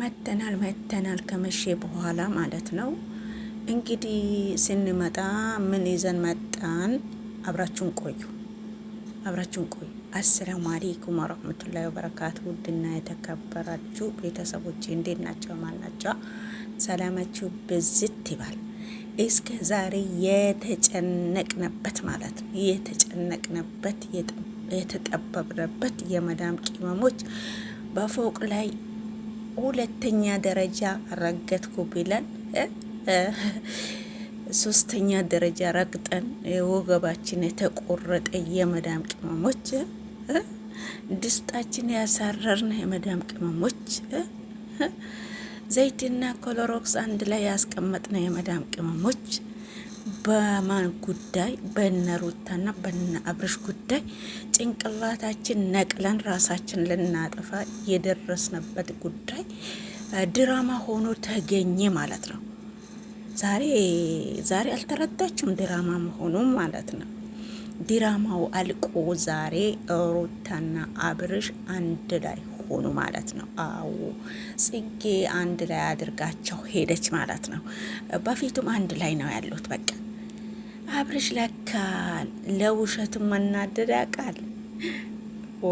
መተናል መተናል ከመሼ በኋላ ማለት ነው። እንግዲህ ስንመጣ ምን ይዘን መጣን? አብራችሁን ቆዩ፣ አብራችሁን ቆዩ። አሰላሙ አሌይኩም ወረህመቱላሂ ወበረካቱ። ውድና የተከበራችሁ ቤተሰቦች እንዴት ናቸው? ማን ናቸው? ሰላማችሁ ብዝት ይባል። እስከ ዛሬ የተጨነቅነበት ማለት ነው የተጨነቅነበት የተጠበብንበት የመዳም ቅመሞች በፎቅ ላይ ሁለተኛ ደረጃ ረገጥኩ ብለን ሶስተኛ ደረጃ ረግጠን ወገባችን የተቆረጠ የመዳም ቅመሞች ድስጣችን ያሳረርን የመዳም ቅመሞች ዘይትና ኮሎሮክስ አንድ ላይ ያስቀመጥነው የመዳም ቅመሞች በማን ጉዳይ በነ ሩታና በነ አብርሽ ጉዳይ ጭንቅላታችን ነቅለን ራሳችን ልናጠፋ የደረስንበት ጉዳይ ድራማ ሆኖ ተገኘ ማለት ነው። ዛሬ ዛሬ አልተረዳችሁም ድራማ መሆኑ ማለት ነው። ድራማው አልቆ ዛሬ ሩታና አብርሽ አንድ ላይ ሆኑ ማለት ነው። አዎ ጽጌ አንድ ላይ አድርጋቸው ሄደች ማለት ነው። በፊቱም አንድ ላይ ነው ያሉት። በቃ አብርሽ ለካ ለውሸት መናደድ ያውቃል።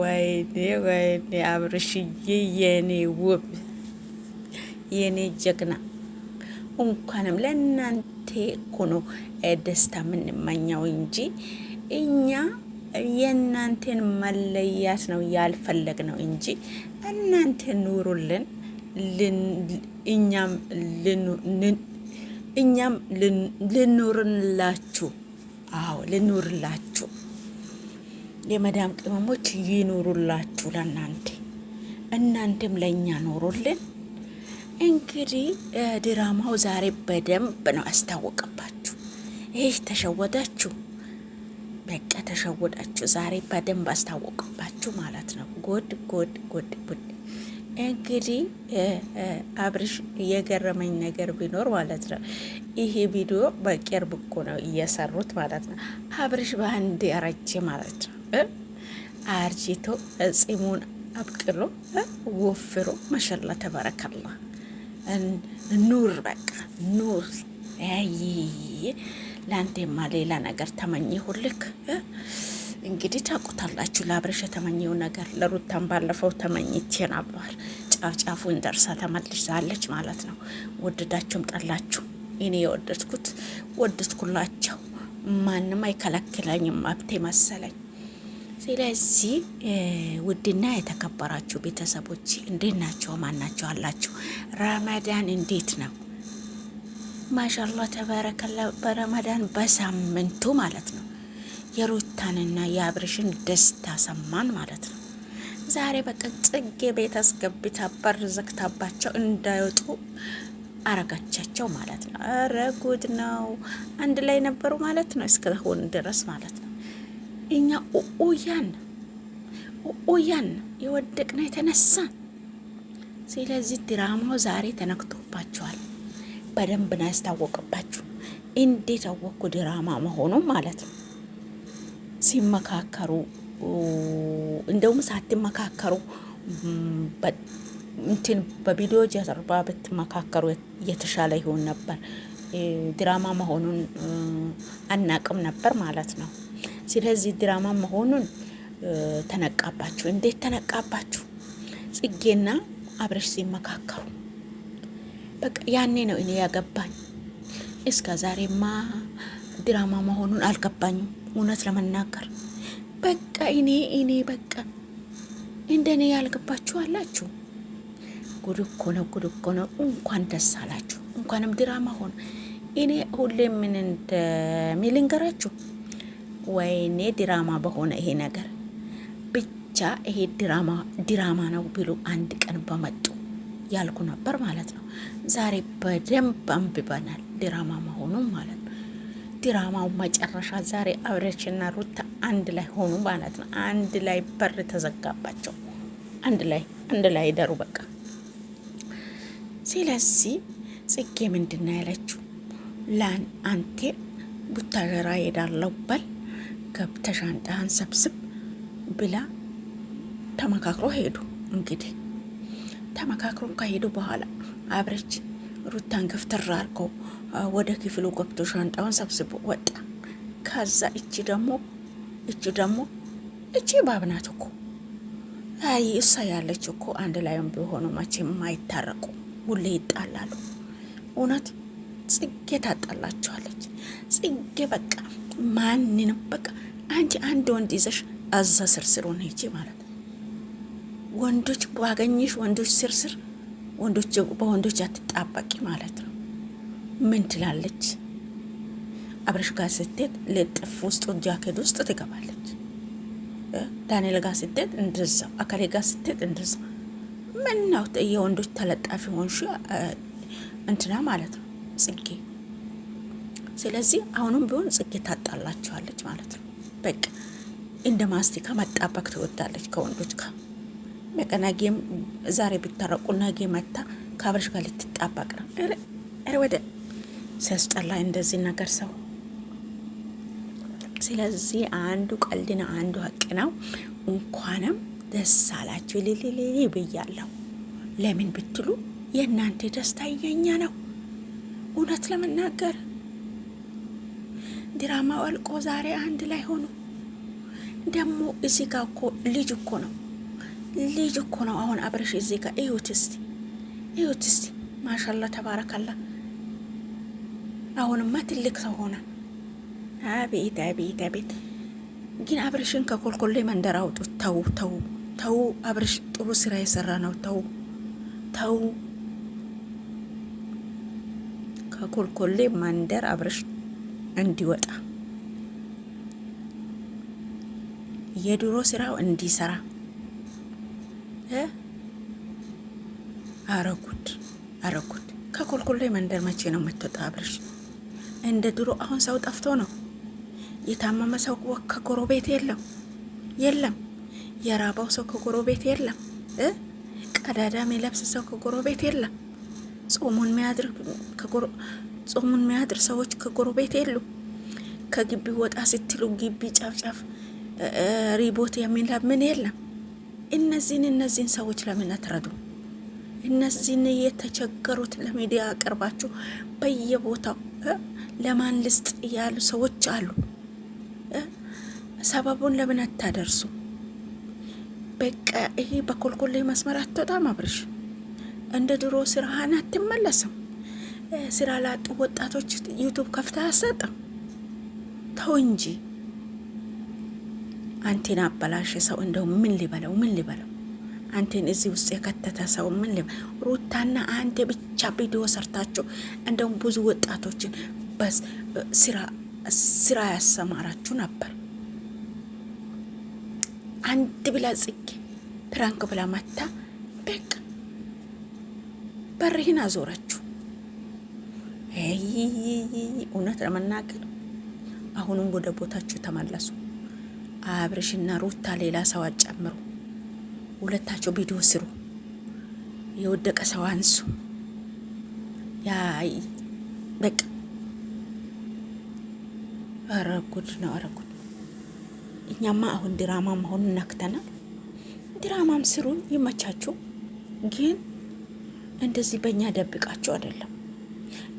ወይኔ ወይኔ አብርሽዬ የኔ ውብ የኔ ጀግና እንኳንም ለእናንተ እኮ ነው ደስታ የምንመኘው እንጂ እኛ የእናንተን መለያት ነው ያልፈለግ ነው እንጂ እናንተ ኑሩልን፣ እኛም ልኑርላችሁ አዎ ልኑርላችሁ። የመዳም ቅመሞች ይኑሩላችሁ ለእናንተ፣ እናንተም ለእኛ ኑሩልን። እንግዲህ ድራማው ዛሬ በደንብ ነው ያስታወቀባችሁ። ይህ ተሸወዳችሁ በቃ ተሸወዳችሁ። ዛሬ በደንብ አስታወቅባችሁ ማለት ነው። ጎድ ጎድ ጎድ ጉድ። እንግዲህ አብርሽ የገረመኝ ነገር ቢኖር ማለት ነው ይሄ ቪዲዮ በቅርብ እኮ ነው እየሰሩት ማለት ነው። አብርሽ በአንድ ያረጀ ማለት ነው። አርጅቶ ጺሙን አብቅሎ ወፍሮ መሸላ ተበረከላ ኑር በቃ ኑር ለአንዴማ ሌላ ነገር ተመኘሁልክ። እንግዲህ ታውቁታላችሁ፣ ለአብረሽ የተመኘው ነገር ለሩታን ባለፈው ተመኝቼ ነበር። ጫፍ ጫፉን ደርሳ ተመልሳለች ማለት ነው። ወደዳችሁም ጠላችሁ፣ እኔ የወደድኩት ወደድኩላቸው። ማንም አይከለክለኝም፣ መብቴ መሰለኝ። ስለዚህ ውድና የተከበራችሁ ቤተሰቦች እንዴት ናቸው? ማን ናቸው አላችሁ? ረመዳን እንዴት ነው? ማሻላ ተበረከላ በረመዳን በሳምንቱ ማለት ነው። የሩታንና የአብርሽን ደስታ ሰማን ማለት ነው። ዛሬ በቃ ጽጌ ቤት አስገብታ በር ዘግታባቸው እንዳይወጡ አረጋቻቸው ማለት ነው። ኧረ ጉድ ነው። አንድ ላይ ነበሩ ማለት ነው እስካሁን ድረስ ማለት ነው። እኛ ኡያን ኡኡያን የወደቅነው የተነሳ ስለዚህ ድራማው ዛሬ ተነክቶባቸዋል። በደንብ ነው ያስታወቅባችሁ። እንዴት አወቅኩ ድራማ መሆኑ ማለት ነው። ሲመካከሩ እንደውም ሳትመካከሩ እንትን በቪዲዮ ጀርባ ብትመካከሩ የተሻለ ይሆን ነበር። ድራማ መሆኑን አናቅም ነበር ማለት ነው። ስለዚህ ድራማ መሆኑን ተነቃባችሁ። እንዴት ተነቃባችሁ? ጽጌና አብረሽ ሲመካከሩ በቃ ያኔ ነው እኔ ያገባኝ። እስከ ዛሬማ ድራማ መሆኑን አልገባኝም። እውነት ለመናገር በቃ እኔ እኔ በቃ እንደኔ ያልገባችሁ አላችሁ። ጉድ እኮ ነው፣ ጉድ እኮ ነው። እንኳን ደስ አላችሁ። እንኳንም ድራማ ሆነ። እኔ ሁሌ ምን እንደሚልንገራችሁ፣ ወይኔ ድራማ በሆነ ይሄ ነገር ብቻ ይሄ ድራማ ድራማ ነው ብሎ አንድ ቀን በመጡ ያልኩ ነበር ማለት ነው። ዛሬ በደንብ አንብበናል፣ ድራማ መሆኑን ማለት ነው። ድራማው መጨረሻ ዛሬ አብረችና ሩታ አንድ ላይ ሆኑ ማለት ነው። አንድ ላይ በር ተዘጋባቸው። አንድ ላይ አንድ ላይ ደሩ በቃ። ስለዚህ ጽጌ ምንድን ነው ያለችው? ላን አንቴ ቡታጀራ ሄዳለው በል ገብተሻንጣህን ሰብስብ ብላ ተመካክሮ ሄዱ እንግዲህ ተመካክሮ ከሄዱ በኋላ አብረች ሩታን ክፍትር አርጎ ወደ ክፍሉ ገብቶ ሻንጣውን ሰብስቦ ወጣ። ከዛ እቺ ደግሞ እቺ ደግሞ እቺ ባብናት እኮ አይ እሷ ያለች እኮ አንድ ላይም ቢሆኑ መቼም አይታረቁ፣ ሁሌ ይጣላሉ። እውነት ጽጌ ታጣላቸዋለች። ጽጌ በቃ ማንንም በቃ አንቺ አንድ ወንድ ይዘሽ አዛ ስርስሩን ሄጂ ማለት ወንዶች ባገኘሽ ወንዶች ስርስር ወንዶች በወንዶች አትጣበቂ ማለት ነው። ምን ትላለች? አብረሽ ጋር ስትሄድ ልጥፍ ውስጥ ጃኬት ውስጥ ትገባለች። ዳንኤል ጋር ስትሄድ እንደዛው፣ አካሌ ጋር ስትሄድ እንደዛው። ምን ነው የወንዶች ተለጣፊ ሆንሽ እንትና ማለት ነው ጽጌ። ስለዚህ አሁንም ቢሆን ጽጌ ታጣላችኋለች ማለት ነው። በቃ እንደ ማስቲካ መጣበቅ ትወዳለች ከወንዶች ጋር በቃ ዛሬ ቢታረቁ ነገ መታ ከአብረሽ ጋር ልትጣባቅ ነው። ወደ ሲያስጠላ እንደዚህ ነገር ሰው። ስለዚህ አንዱ ቀልድና አንዱ ሀቅ ነው። እንኳንም ደስ አላችሁ ልልልል ብያለሁ። ለምን ብትሉ የእናንተ ደስታ የኛ ነው። እውነት ለመናገር ድራማ አልቆ ዛሬ አንድ ላይ ሆኑ። ደግሞ እዚህ ጋር እኮ ልጅ እኮ ነው ልጅ እኮ ነው። አሁን አብረሽ እዚህ ጋር እዩት እስቲ እዩት እስቲ ማሻላ ተባረካላ። አሁንማ ትልቅ ሰው ሆነ። አቤት አቤት አቤት። ግን አብረሽን ከኮልኮሌ መንደር አውጡት። ተው ተው ተው። አብረሽ ጥሩ ስራ የሰራ ነው። ተው ተው። ከኮልኮሌ መንደር አብረሽ እንዲወጣ የድሮ ስራው እንዲሰራ አረጉድ አረጉድ ከኮልኮሌ መንደር መቼ ነው የምትወጣብልሽ? እንደ ድሮ አሁን ሰው ጠፍቶ ነው። የታመመ ሰው ከጎረቤት የለም የለም። የራባው ሰው ቤት የለም። ቀዳዳም የሚለብስ ሰው ቤት የለም። ጾሙን የሚያድር ጾሙን የሚያድር ሰዎች ከጎረቤት የሉ። ከግቢ ወጣ ስትሉ ግቢ ጫፍጫፍ ሪቦት የሚለምን የለም። እነዚህን እነዚህን ሰዎች ለምን አትረዱ? እነዚህን የተቸገሩት ለሚዲያ አቅርባችሁ በየቦታው ለማን ልስጥ ያሉ ሰዎች አሉ። ሰበቡን ለምን አታደርሱ? በቃ ይሄ በኮልኮሌ መስመር አትወጣም። አብርሽ እንደ ድሮ ስራህን አትመለስም። ስራ ላጡ ወጣቶች ዩቱብ ከፍታ አሰጥም። ተው እንጂ። አንቴን አበላሸ ሰው እንደው ምን ሊበለው ምን ሊበለው? አንቴን እዚህ ውስጥ የከተተ ሰው ምን ሊበ ሩታና አንቴ ብቻ ቪዲዮ ሰርታችሁ እንደውም ብዙ ወጣቶችን ስራ ያሰማራችሁ ነበር። አንድ ብላ ጽጌ ፕራንክ ብላ መታ በቅ በርህን አዞረችሁ። እውነት ለመናገር አሁንም ወደ ቦታችሁ ተመለሱ። አብርሽና ሩታ ሌላ ሰው አጨምሩ። ሁለታቸው ቪዲዮ ስሩ። የወደቀ ሰው አንሱ። ያይ በቃ ኧረ ጉድ ነው። ኧረ ጉድ እኛማ አሁን ድራማ መሆኑን ነክተናል። ድራማም ስሩን ይመቻችሁ፣ ግን እንደዚህ በእኛ ደብቃችሁ አይደለም።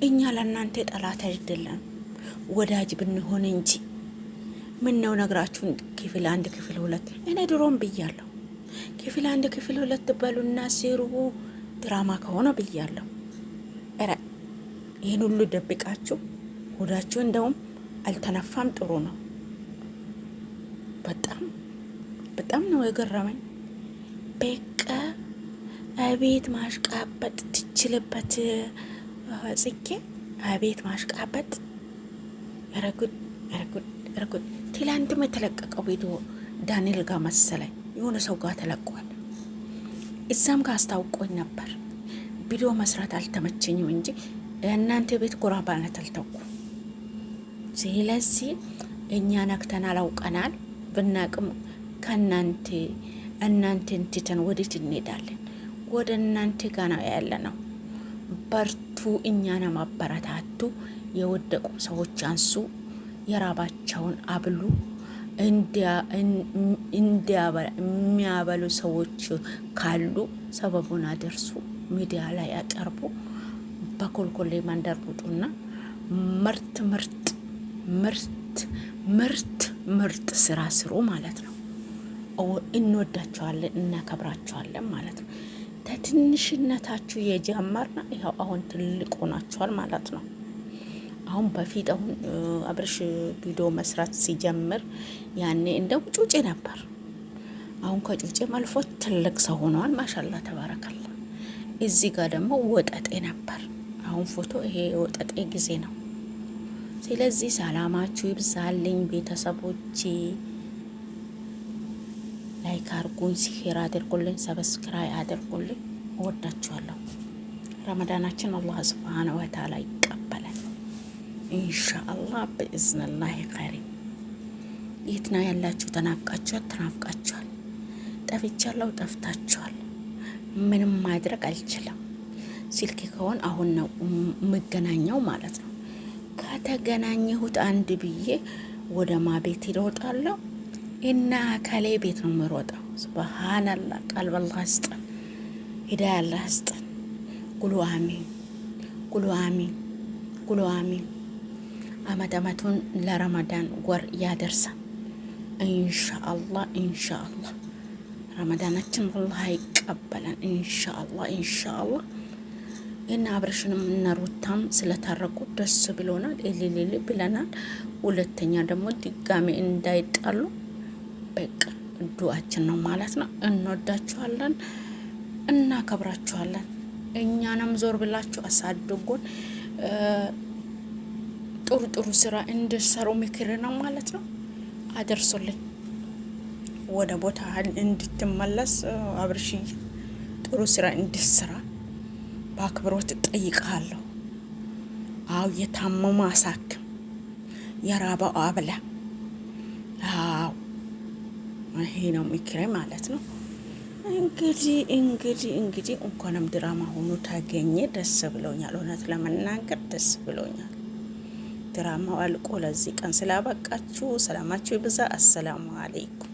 እኛ ለእናንተ ጠላት አይደለም፣ ወዳጅ ብንሆን እንጂ ምን ነው ነግራችሁን ክፍል አንድ ክፍል ሁለት እኔ ድሮም ብያለሁ። ክፍል አንድ ክፍል ሁለት በሉና ስሩ ድራማ ከሆነ ብያለሁ። ኧረ ይህን ሁሉ ደብቃችሁ ሆዳችሁ እንደውም አልተነፋም። ጥሩ ነው። በጣም በጣም ነው የገረመኝ። በቃ አቤት ማሽቃበጥ ትችልበት ጽጌ፣ አቤት ማሽቃበጥ ረጉድ ረጉድ ረጉድ ትላንትም የተለቀቀው ቪዲዮ ዳንኤል ጋር መሰለኝ የሆነ ሰው ጋር ተለቋል። እዛም ጋር አስታውቆኝ ነበር። ቪዲዮ መስራት አልተመቸኝም እንጂ እናንተ ቤት ጎራ ባነት አልተኩ። ስለዚህ እኛ ነክተን አላውቀናል ብናቅም ከእናንተ እናንተ ትተን ወዴት እንሄዳለን? ወደ እናንተ ጋ ያለ ነው። በርቱ፣ እኛን ማበረታቱ፣ የወደቁ ሰዎች አንሱ። የራባቸውን አብሉ የሚያበሉ ሰዎች ካሉ ሰበቡን አደርሱ፣ ሚዲያ ላይ ያቀርቡ። በኮልኮሌ ማንደርጉጡና ምርት ምርጥ ምርት ምርት ምርጥ ስራ ስሩ ማለት ነው። እንወዳቸዋለን፣ እናከብራቸዋለን ማለት ነው። ከትንሽነታችሁ የጀመርና ይኸው አሁን ትልቅ ሆናችኋል ማለት ነው። አሁን በፊት አሁን አብረሽ ቪዲዮ መስራት ሲጀምር ያኔ እንደው ጩጭ ነበር። አሁን ከጩጬም አልፎ ትልቅ ሰው ሆኗል ማሻላ ተባረከላ። እዚህ ጋር ደግሞ ወጠጤ ነበር። አሁን ፎቶ ይሄ ወጠጤ ጊዜ ነው። ስለዚህ ሰላማችሁ ይብዛልኝ ቤተሰቦቼ። ላይክ አርጉኝ፣ ሲሄር አድርጉልኝ፣ ሰብስክራይ አድርጉልኝ። እወዳችኋለሁ። ረመዳናችን አላህ ስብሓነ ወተዓላ ኢንሻአላህ በእዝንላህ ቀሪም የትና ያላችሁ ተናፍቃችኋል፣ ተናፍቃችኋል። ጠፍቻለሁ፣ ጠፍታችኋል። ምንም ማድረግ አልችልም። ስልክ ከሆን አሁን ነው የምገናኘው ማለት ነው። ከተገናኘሁት አንድ ብዬ ወደ ማ ቤት ይሮጣለሁ እና አካሌ ቤት ነው የምሮጠው። ስብሃናላ ቃልበላ ስጠን፣ ሂዳ ያላ ስጠን። ጉሉ አሚን፣ ጉሉ አሚን፣ ጉሉ አሚን። አመት አመቱን ለረመዳን ወር ያደርሳ ኢንሻአላህ ኢንሻአላህ ረመዳናችን አላህ ይቀበለን። ኢንሻአላህ ኢንሻአላህ እና አብረሽንም እና ሩታም ስለታረቁ ደስ ብሎናል፣ እልልል ብለናል። ሁለተኛ ደግሞ ድጋሜ እንዳይጣሉ በቃ ዱአችን ነው ማለት ነው። እንወዳችኋለን፣ እናከብራችኋለን። እኛንም ዞር ብላችሁ አሳድጉን። ጥሩ ጥሩ ስራ እንድሰሩ ምክር ነው ማለት ነው። አደርሶልኝ ወደ ቦታ እንድትመለስ አብርሽዬ ጥሩ ስራ እንድትሰራ በአክብሮት ጠይቃለሁ። አው የታመመ አሳክም፣ የራበው አብላ። አው ይሄ ነው ምክሬ ማለት ነው። እንግዲህ እንግዲህ እንግዲህ እንኳንም ድራማ ሆኖ ታገኘ ደስ ብሎኛል። እውነት ለመናገር ደስ ብሎኛል። ድራማው አልቆ ለዚህ ቀን ስላበቃችሁ ሰላማችሁ ይብዛ። አሰላሙ አለይኩም።